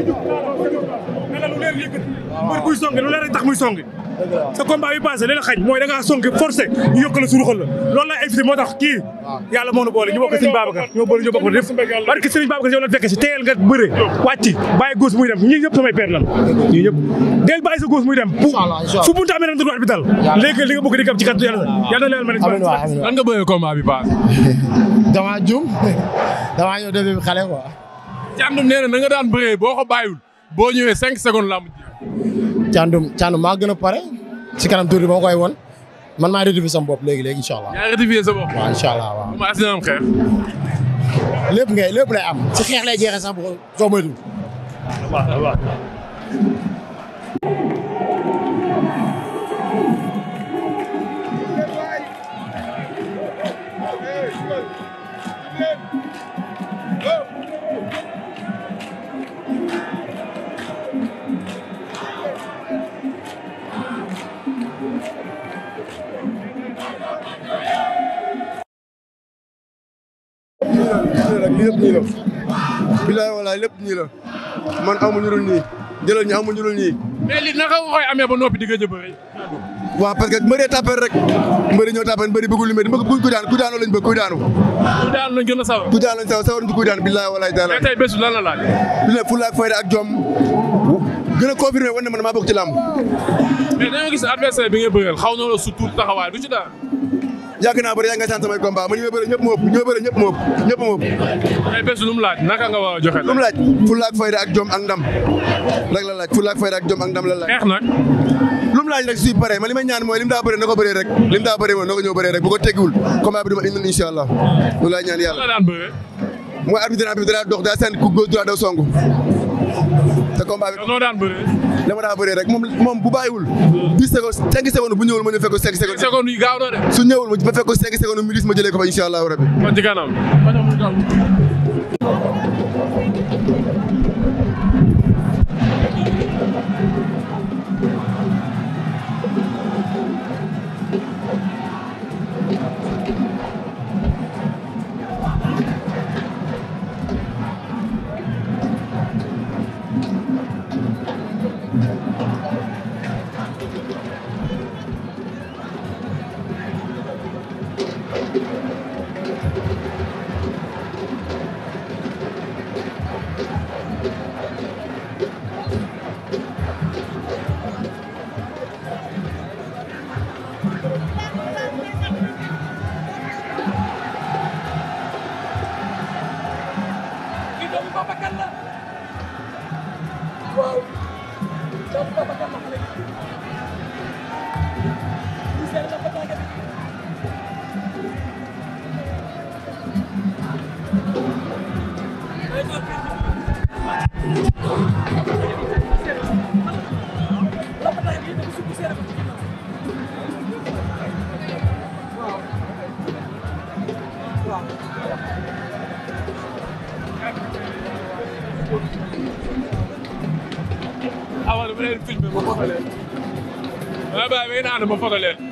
nga lu leer yëkkati mbër buy songi lu leer rek tax muy songi sa combat bi passé li la xañ mooy da ngaa songi forcé ñu yokk la suruxal la loolu la évité moo tax kii yàlla moo nu boole ñu bokk sëriñ Babacar ñoo boole ñoo bokk def barke sëriñ Babacar yow la fekk si teyel nga bëre wàcci bàyyi góos muy dem ñii ñëpp samay père lan ñii ñëpp del bàyyi sa góos muy dem fu bunta amee rek bi dal léegi li nga bëgg di gab ci kàttu yàlla yàlla na leen mën a lan nga bëgg combat bi passé dama juum dama ñëw début bi xale quoi Thiandoum nee na na nga daan bëree boo ko bàyyiwul boo ñëwee cinq secondes laa mujj. Thiandoum Thiandoum maa gën a pare ci kanam tuuti ba ma koy won man maa rectifié sama bopp léegi léegi incha allah. yaa rectifié sa bopp. waaw incha allah waaw. bu ma as am lépp lay am. si xeex lay jeexee sax boo soo moytuwul. waaw wallaay lépp nii la man amuñu dul nii jëlal ñu amuñu dul nii. mais li naka nga koy amee ba noppi di nga jëbëree. waaw parce que mbëri tapé rek mbëri ñoo tapé mbëri bëggul lu mel ni ku daan ku ku daanu. ku daanu lañ gën a sawar. ku daanu lañ sawar ku daan billahi wallahi taala. tey bés lan la laaj. bi ne fulla ak fayda ak jom gën a confirmé woon ne man maa bokk ci làmb. bi nga bëggal xaw na la su tuut taxawaay daan. yàgg naa bëri yàgg nga sant samay combat ma ñu bëri ñëpp moo ëpp ñu bëri ay bés lu laaj naka nga war a joxe lu mu laaj fulla ak fayda ak jom ak ndam rek la laaj fulla ak fayda ak jom ak ndam la laaj xeex nag lu mu laaj rek si pare ma li ñaan mooy lim daa bëree na ko bëree rek lim daa bëree moom na ko ñëw bëree rek bu ko teggiwul combat bi duma indi insha allah lu laay ñaan yàlla daan bëree mooy arbitre bi daa seen ku góor dura daw songu te combat bi dama daa bëree rek moom moom bu bàyyiwul dix secondes cinq secondes bu ñëwul ma ñu fekk ko cinq secondes secondes yu gaaw na de su ñëwul ma fekk ko cinq secondes mu dis ma jëlee rabbi Ama nu mu leen filmé ma foto leen. Dama bàyyi ba ngeen ànd ma foto leen.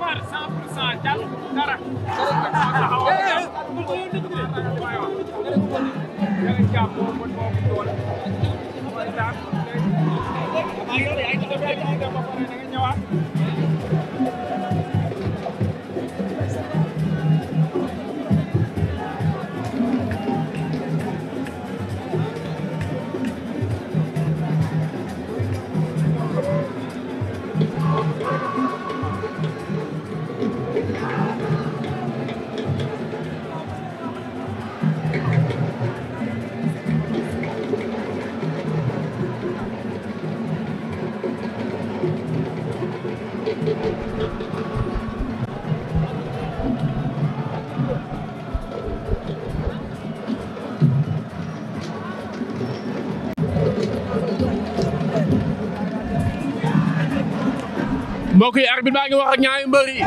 mbokk yi arbitre baa ngi wax ak ñaari mbër yi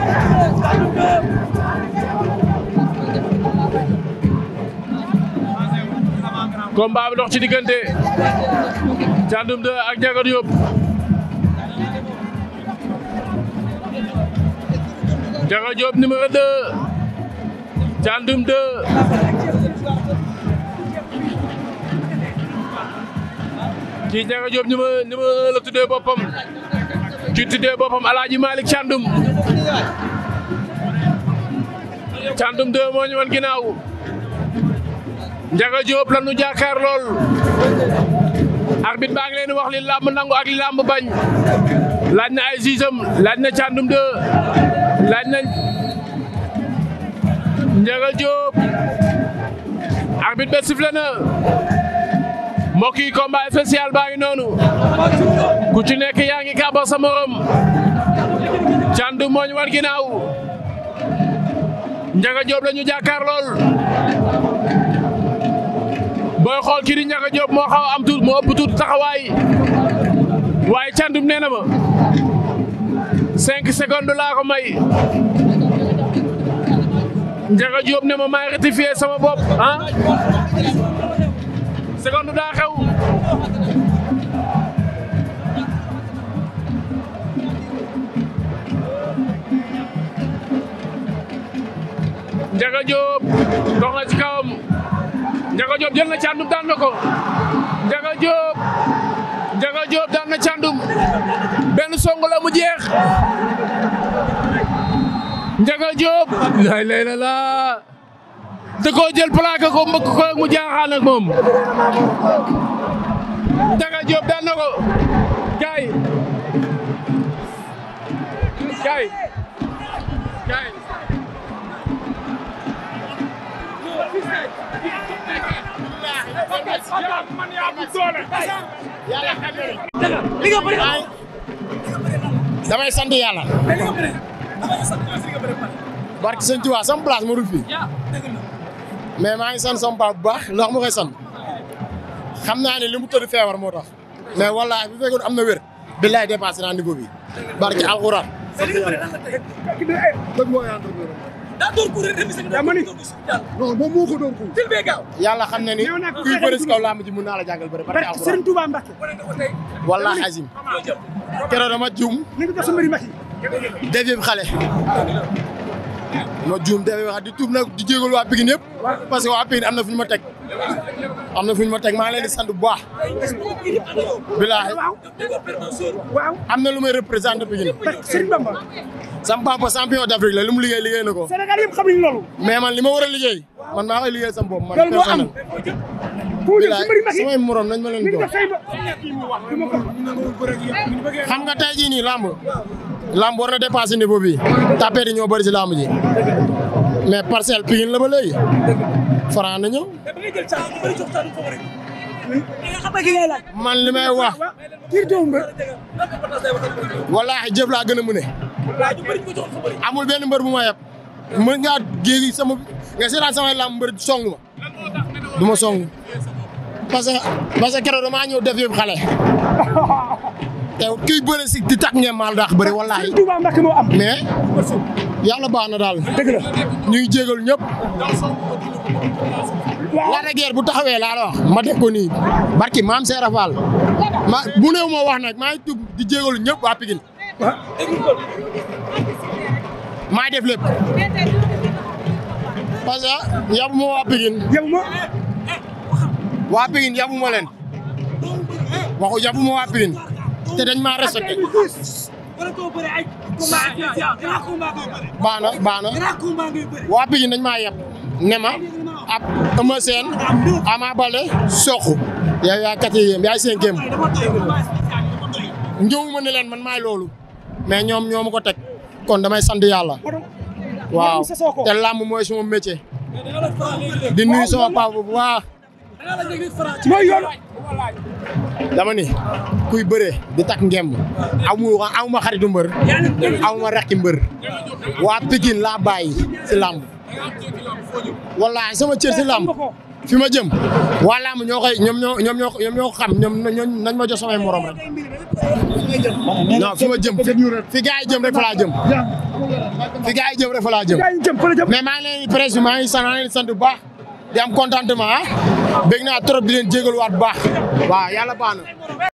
combat bi dox ci diggante Thiandoum 2 ak Ndiaga Diop Ndiaga Diop numéro 2 Thiandoum 2 kii Ndiaga Diop numéro numéro la tuddee boppam ki tuddee boppam Alaaji Malick Thiandoum Thiandoum deux moo ñu wan ginnaaw Ndiaga Diop la nu lool arbit baa ngi leen wax li làmb nangu ak li làmb bañ laaj na ay zizam laaj na Thiandoum deux laaj na Ndiaga Diop arbitre ba sifflé na mbokk yi combat spécial baa ngi noonu ku ci nekk yaa ngi kàbba sa morom candu mooñ war ginaaw Ndiaga Diop ñu jàkkaar lool booy xool kii di Ndiaga Diop moo xaw am tuut moo ëpp tuut waaye candum nee na ma laa ko may Ndiaga Diop ne ma maay sama bopp ah seconde daa xew Ndiaga Diop dox na ci kawam Ndiaga Diop jël na càndum daan na ko Ndiaga Diop Ndiaga Diop daan na càndum benn song la mu jeex Ndiaga Diop lay lay la da koo jël plaqué ko mbëkk ko mu jaaxaan ak moom. Daga Diop daan na ko gaay gaay gaay damay sant yàlla. barke sëñ Tuubaa sama place ma dul fii. mais maa ngi sant sama papa bu baax ndax mu koy sant xam naa ne li mu tëdd feebar moo tax mais wallaahi bu fekkoon am na wér billaay dépassé naa niveau bi barki alxuraan. non yàlla xam na ni kuy bëri si kaw làmb ji naa la jàngal bëri barki alxuraan Serigne Touba Mbacke. wallaahi azim keroog dama juum. def yëpp xale. ma juum dafay wax di waa Pikine yëpp parce que waa Pikine am na fu ñu ma teg am na fu ñu ma teg maa ngi leen di sant bu baax. bilaahi am na lu may représenté Pikine. sam papa champion d'Afrique la lu mu liggéey liggéey na ko. Sénégal man li ma war a liggéey man maa koy liggéey sam bopp man. loolu moo am bilaay samay morom nañ ma leen doon. xam nga tey jii lamb war na dépasser niveau bi tapé di ñoo bëri lamb ji mais parcelle Pikine la ba léegi Franc na ñëw. man li may wax. wallaahi jëf laa gën a mën amul benn mbër bu ma yeb mën ngaa géegi sama nga seetaan samay lamb song ma song parce que parce que keroog damaa ñëw def xale. te kiy bëre si di tax ngeen maal daax bëri walaay. mais yàlla baax na daal. dëgg la ñu ngi jégalu ñëpp. bu taxawee laa la wax ma def ko barki maam Seera Fall ma bu néew wax nag maa ngi tub di jégalu ñëpp waa Pikine maa def lépp parce que waa Pikine waa Pikine yabu leen waxu yabu waa Pikine te dañ maa respecté. baax na baax na waa Pikine dañ maa ma ab Eumeu Sène Ama Baldé Sokh yow yaay quatrième yaay cinquième njëwuma ne man maay loolu mais ñoom ñoo ko teg kon damay sant yàlla waaw te làmb mooy suma métier di nuyu sama papa bu baax dama ni kuy bëree di takk ngemb amu aw ma xaritu mbër aw ma rakki mbër waa Pikine laa bàyyi si làmb wallaahi sama cër si làmb fi ma jëm waa làmb ñoo koy ñoo nañ ma jox morom rek fi ma jëm fi gars jëm rek fa jëm fi gars jëm rek fa jëm mais maa ngi leen maa ngi maa ngi leen di sant di am contentement ah bëgg naa trop di leen jégaluwaat bu baax waaw yàlla baax na